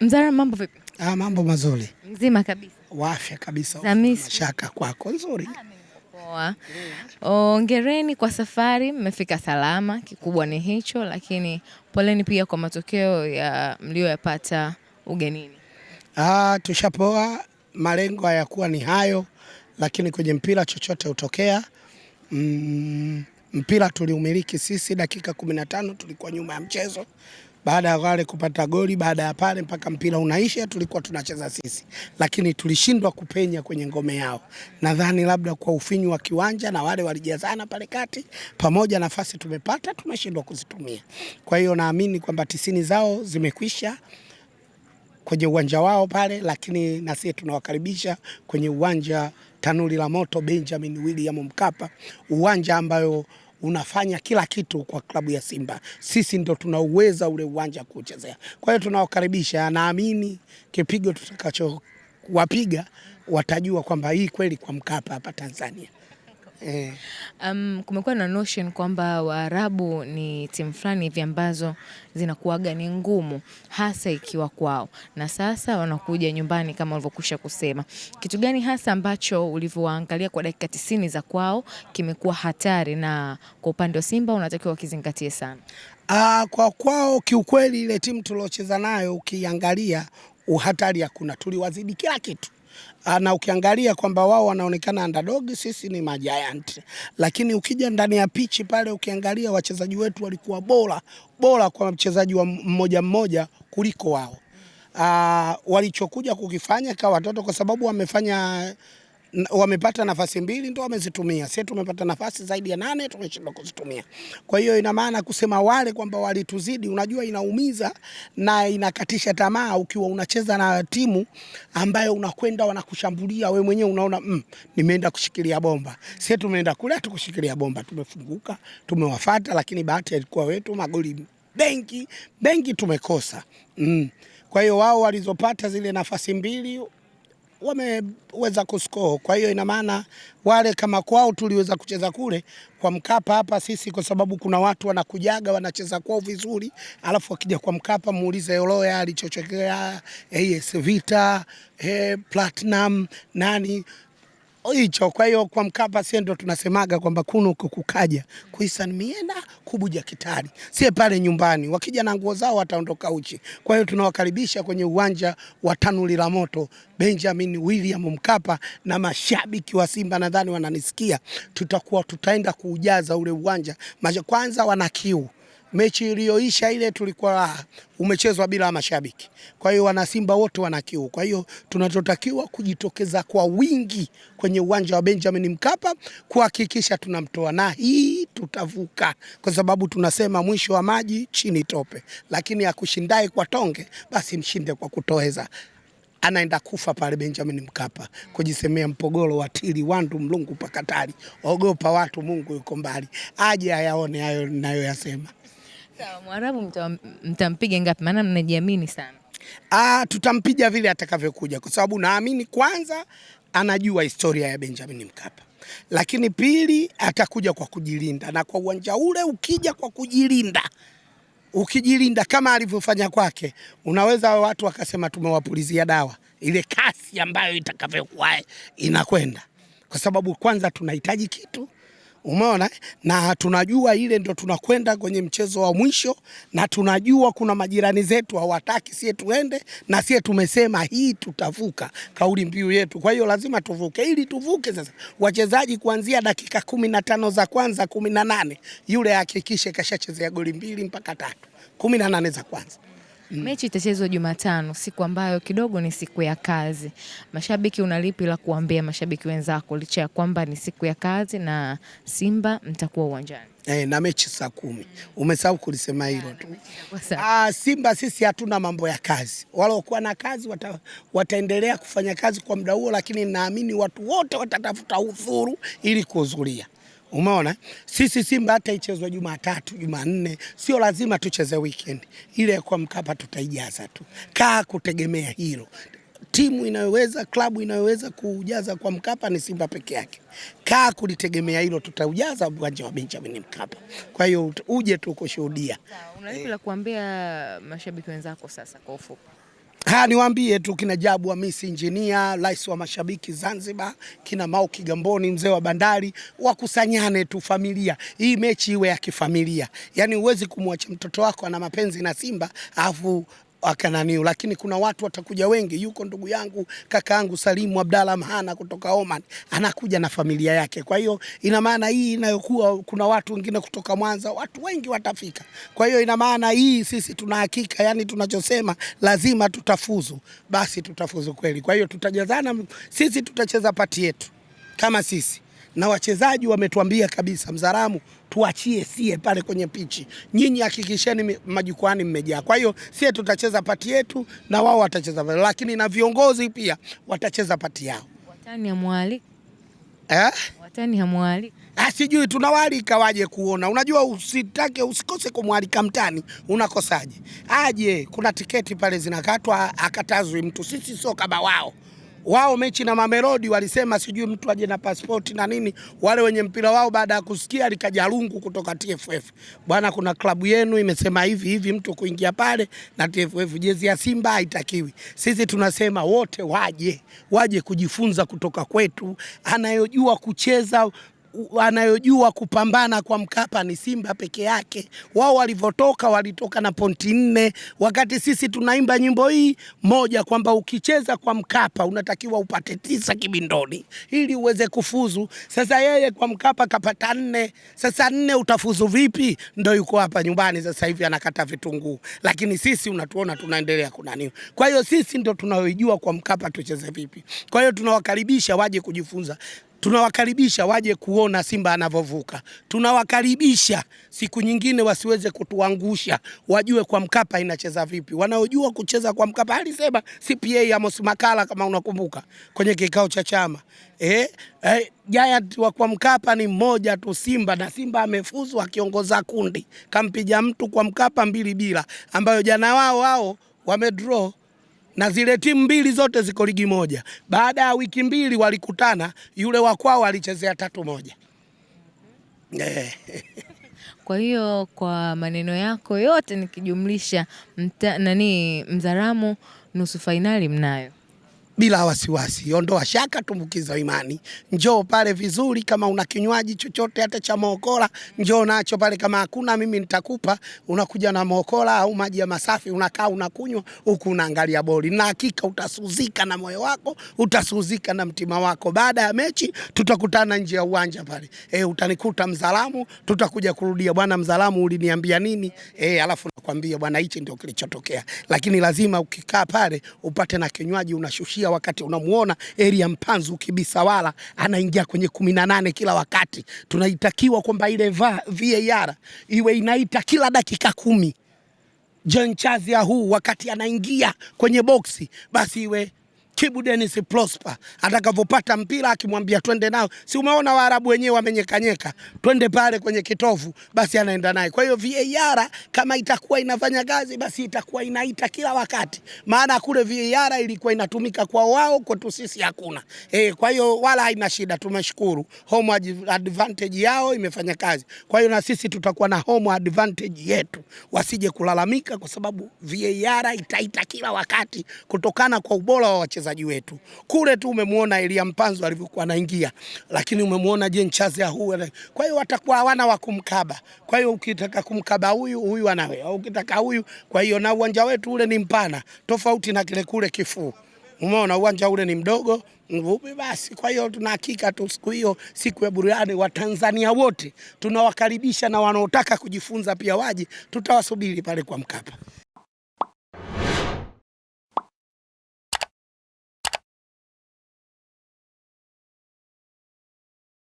Mzara, mambo vipi? Ah, mambo mazuri. Mzima kabisa. Wa afya kabisa. Shaka kwako nzuri. Ah, poa. kwa safari, mmefika salama, kikubwa ni hicho, lakini poleni pia kwa matokeo ya mlioyapata ugenini. Ah, tushapoa, malengo hayakuwa ni hayo, lakini kwenye mpira chochote hutokea. Mm, mpira tuliumiliki sisi, dakika 15 tulikuwa nyuma ya mchezo baada ya wale kupata goli, baada ya pale mpaka mpira unaisha, tulikuwa tunacheza sisi, lakini tulishindwa kupenya kwenye ngome yao. Nadhani labda kwa ufinyu wa kiwanja na wale walijazana pale kati, pamoja nafasi tumepata tumeshindwa kuzitumia. Kwa hiyo naamini kwamba tisini zao zimekwisha kwenye uwanja wao pale, lakini na sisi tunawakaribisha kwenye uwanja Tanuri la Moto Benjamin William Mkapa, uwanja ambayo unafanya kila kitu kwa klabu ya Simba. Sisi ndo tunauweza ule uwanja kuchezea, kwa hiyo tunawakaribisha. Naamini kipigo tutakachowapiga watajua kwamba hii kweli kwa Mkapa hapa Tanzania Eh. Um, kumekuwa na notion kwamba Waarabu ni timu fulani hivi ambazo zinakuwaga ni ngumu hasa ikiwa kwao, na sasa wanakuja nyumbani kama ulivyokusha kusema. Kitu gani hasa ambacho ulivyoangalia kwa dakika tisini za kwao kimekuwa hatari na kwa upande wa Simba unatakiwa wakizingatie sana? Aa, ah, kwa kwao kiukweli ile timu tuliocheza nayo ukiangalia uhatari hakuna, tuliwazidi kila kitu Ah, na ukiangalia kwamba wao wanaonekana underdog, sisi ni majiant, lakini ukija ndani ya pichi pale ukiangalia wachezaji wetu walikuwa bora bora kwa mchezaji wa mmoja mmoja kuliko wao. Uh, walichokuja kukifanya kwa watoto kwa sababu wamefanya wamepata nafasi mbili ndo wamezitumia. Sisi tumepata nafasi zaidi ya nane tumeshindwa kuzitumia. Kwa hiyo ina maana kusema wale kwamba walituzidi, unajua inaumiza na inakatisha tamaa ukiwa unacheza na timu ambayo unakwenda wanakushambulia, we mwenyewe unaona mm, nimeenda kushikilia bomba. Sisi tumeenda kule tukushikilia bomba, tumefunguka, tumewafuata, lakini bahati ilikuwa wetu, magoli benki benki tumekosa mm. Kwa hiyo wao walizopata zile nafasi mbili wameweza kuscore. Kwa hiyo ina maana wale kama kwao tuliweza kucheza kule kwa Mkapa, hapa sisi kwa sababu kuna watu wanakujaga wanacheza kwao vizuri, alafu wakija kwa Mkapa muulize Yoloya alichochekea AS Vita, eh, Platinum nani hicho. Kwa hiyo kwa Mkapa sie ndo tunasemaga kwamba kuno kukukaja kuisanmiena kubuja kitari, sie pale nyumbani wakija na nguo zao wataondoka uchi. Kwa hiyo tunawakaribisha kwenye uwanja wa tanuli la moto Benjamin William Mkapa, na mashabiki wa Simba nadhani wananisikia, tutakuwa tutaenda kuujaza ule uwanja. Kwanza wana kiu mechi iliyoisha ile tulikuwa umechezwa bila mashabiki. Kwa hiyo wanasimba wote wana kiu. Kwa hiyo tunachotakiwa kujitokeza kwa wingi kwenye uwanja wa Benjamin Mkapa kuhakikisha tunamtoa, na hii tutavuka, kwa sababu tunasema mwisho wa maji chini tope, lakini akushindae kwa tonge basi mshinde kwa kutoweza anaenda kufa pale Benjamin Mkapa kujisemea mpogoro wa tili wandu mlungu pakatari, ogopa watu, Mungu yuko mbali, aje ayaone hayo ninayoyasema. Sawa, Mwarabu mtampiga ngapi? Maana mnajiamini sana. Ah, tutampiga vile atakavyokuja kwa sababu naamini kwanza anajua historia ya Benjamin Mkapa, lakini pili atakuja kwa kujilinda, na kwa uwanja ule ukija kwa kujilinda ukijilinda kama alivyofanya kwake, unaweza watu wakasema tumewapulizia dawa. Ile kasi ambayo itakavyokuwa inakwenda, kwa sababu kwanza tunahitaji kitu Umeona, na tunajua ile ndo tunakwenda kwenye mchezo wa mwisho, na tunajua kuna majirani zetu hawataki sie tuende, na sie tumesema hii tutavuka, kauli mbiu yetu. Kwa hiyo lazima tuvuke. Ili tuvuke sasa, wachezaji kuanzia dakika kumi na tano za kwanza, kumi na nane yule ahakikishe kashachezea goli mbili mpaka tatu, kumi na nane za kwanza. Mm. Mechi itachezwa Jumatano, siku ambayo kidogo ni siku ya kazi. Mashabiki, unalipi la kuambia mashabiki wenzako licha ya kwamba ni siku ya kazi na Simba mtakuwa uwanjani? Eh, na mechi saa kumi. Umesahau kulisema hilo tu. Ah, Simba sisi hatuna mambo ya kazi. Walokuwa na kazi wata, wataendelea kufanya kazi kwa muda huo, lakini naamini watu wote watatafuta udhuru ili kuhudhuria. Umeona, sisi Simba hata ichezwe Jumatatu, Jumanne, sio lazima tucheze weekend. Ile ya kwa Mkapa tutaijaza tu, kaa kutegemea hilo. Timu inayoweza klabu inayoweza kuujaza kwa Mkapa ni Simba peke yake. Kaa kulitegemea hilo, tutaujaza uwanja wa Benjamin Mkapa. Kwa hiyo uje tu kushuhudia. Unalipi la kuambia mashabiki wenzako sasa kwa ufupi? Ha, niwaambie tu kina Jabu wa Miss Engineer, rais wa mashabiki Zanzibar, kina Mau Kigamboni, mzee wa bandari, wakusanyane tu familia. Hii mechi iwe ya kifamilia. Yaani huwezi kumwacha mtoto wako ana mapenzi na Simba, afu akananiu lakini kuna watu watakuja wengi. Yuko ndugu yangu kaka yangu Salimu Abdalla Mhana kutoka Oman anakuja na familia yake. Kwa hiyo ina maana hii inayokuwa kuna watu wengine kutoka Mwanza, watu wengi watafika. Kwa hiyo ina maana hii sisi tuna hakika, yani tunachosema lazima tutafuzu, basi tutafuzu kweli. Kwa hiyo tutajazana, sisi tutacheza pati yetu kama sisi na wachezaji wametuambia kabisa, Mzaramu tuachie sie pale kwenye pichi, nyinyi hakikisheni majukwani mmejaa. Kwa hiyo sie tutacheza pati yetu na wao watacheza, lakini na viongozi pia watacheza pati yao. Watani mwali eh? Watani mwali ah, Sijui tunawaalika waje kuona. Unajua, usitake usikose kumwalika mtani, unakosaje? Aje, kuna tiketi pale zinakatwa, akatazwi mtu. Sisi sio kama wao wao mechi na Mamelodi walisema sijui mtu aje na pasipoti na nini, wale wenye mpira wao, baada ya kusikia likaja rungu kutoka TFF, bwana, kuna klabu yenu imesema hivi hivi, mtu kuingia pale na TFF jezi ya Simba haitakiwi. Sisi tunasema wote waje, waje kujifunza kutoka kwetu, anayojua kucheza wanayojua kupambana kwa Mkapa ni Simba peke yake. Wao walivyotoka walitoka na pointi nne, wakati sisi tunaimba nyimbo hii moja kwamba ukicheza kwa Mkapa unatakiwa upate tisa kibindoni ili uweze kufuzu. Sasa yeye kwa Mkapa kapata nne, sasa nne utafuzu vipi? Ndo yuko hapa nyumbani sasa hivi anakata vitunguu, lakini sisi unatuona tunaendelea kunaniwa. Kwa hiyo sisi ndo tunayojua kwa Mkapa tucheze vipi. Kwa hiyo tunawakaribisha waje kujifunza Tunawakaribisha waje kuona Simba anavyovuka. Tunawakaribisha siku nyingine wasiweze kutuangusha, wajue kwa Mkapa inacheza vipi. Wanaojua kucheza kwa Mkapa alisema CPA Amos Makala, kama unakumbuka kwenye kikao cha chama eh, eh, Giant wa kwa Mkapa ni mmoja tu Simba, na Simba amefuzu akiongoza kundi, kampija mtu kwa Mkapa mbili bila, ambayo jana wao wao wamedraw na zile timu mbili zote ziko ligi moja. Baada ya wiki mbili walikutana, yule wa kwao alichezea tatu moja. Mhm. Eh. Kwa hiyo kwa maneno yako yote nikijumlisha, mta, nani Mzaramo nusu fainali mnayo? bila wasiwasi, ondoa shaka, tumbukiza imani. Njoo pale vizuri, kama una kinywaji chochote hata cha mokola, njoo nacho pale, kama hakuna mimi nitakupa. Unakuja na mokola au maji ya masafi, unakaa unakunywa huku unaangalia boli, na hakika utasuzika na moyo wako utasuzika na mtima wako. Baada ya mechi tutakutana nje ya uwanja pale, e, utanikuta Mzalamu, tutakuja kurudia, bwana Mzalamu uliniambia nini? E, alafu nakwambia bwana, hichi ndio kilichotokea, lakini lazima ukikaa pale upate na kinywaji unashushia wakati. Unamuona Elia Mpanzu kibisawala anaingia kwenye kumi na nane kila wakati. Tunaitakiwa kwamba ile VAR iwe inaita kila dakika kumi. John Chazia huu wakati anaingia kwenye boksi basi iwe Kibu Dennis Prosper atakavyopata mpira akimwambia twende nao, si umeona Waarabu wenyewe wamenyekanyeka, twende pale kwenye kitovu, basi anaenda naye. Kwa hiyo VAR kama itakuwa inafanya kazi, basi itakuwa inaita kila wakati, maana kule VAR ilikuwa inatumika kwa wao, kwetu sisi hakuna e. Kwa hiyo wala haina shida, tumeshukuru. Home advantage yao imefanya kazi, kwa hiyo na sisi tutakuwa na home advantage yetu, wasije kulalamika, kwa sababu VAR itaita kila wakati kutokana kwa ubora wa wachezaji wachezaji wetu. Kule tu umemuona Elia Mpanzo alivyokuwa anaingia, lakini umemwona Jean Chaza huu. Kwa hiyo watakuwa hawana wa kumkaba. Kwa hiyo ukitaka kumkaba huyu huyu anawe, au ukitaka huyu. Kwa hiyo na uwanja wetu ule ni mpana, tofauti na kile kule kifuu. Umeona uwanja ule ni mdogo mvupi basi. Kwa hiyo tuna hakika tu siku hiyo, siku ya burudani, Watanzania wote tunawakaribisha na wanaotaka kujifunza pia waje, tutawasubiri pale kwa Mkapa.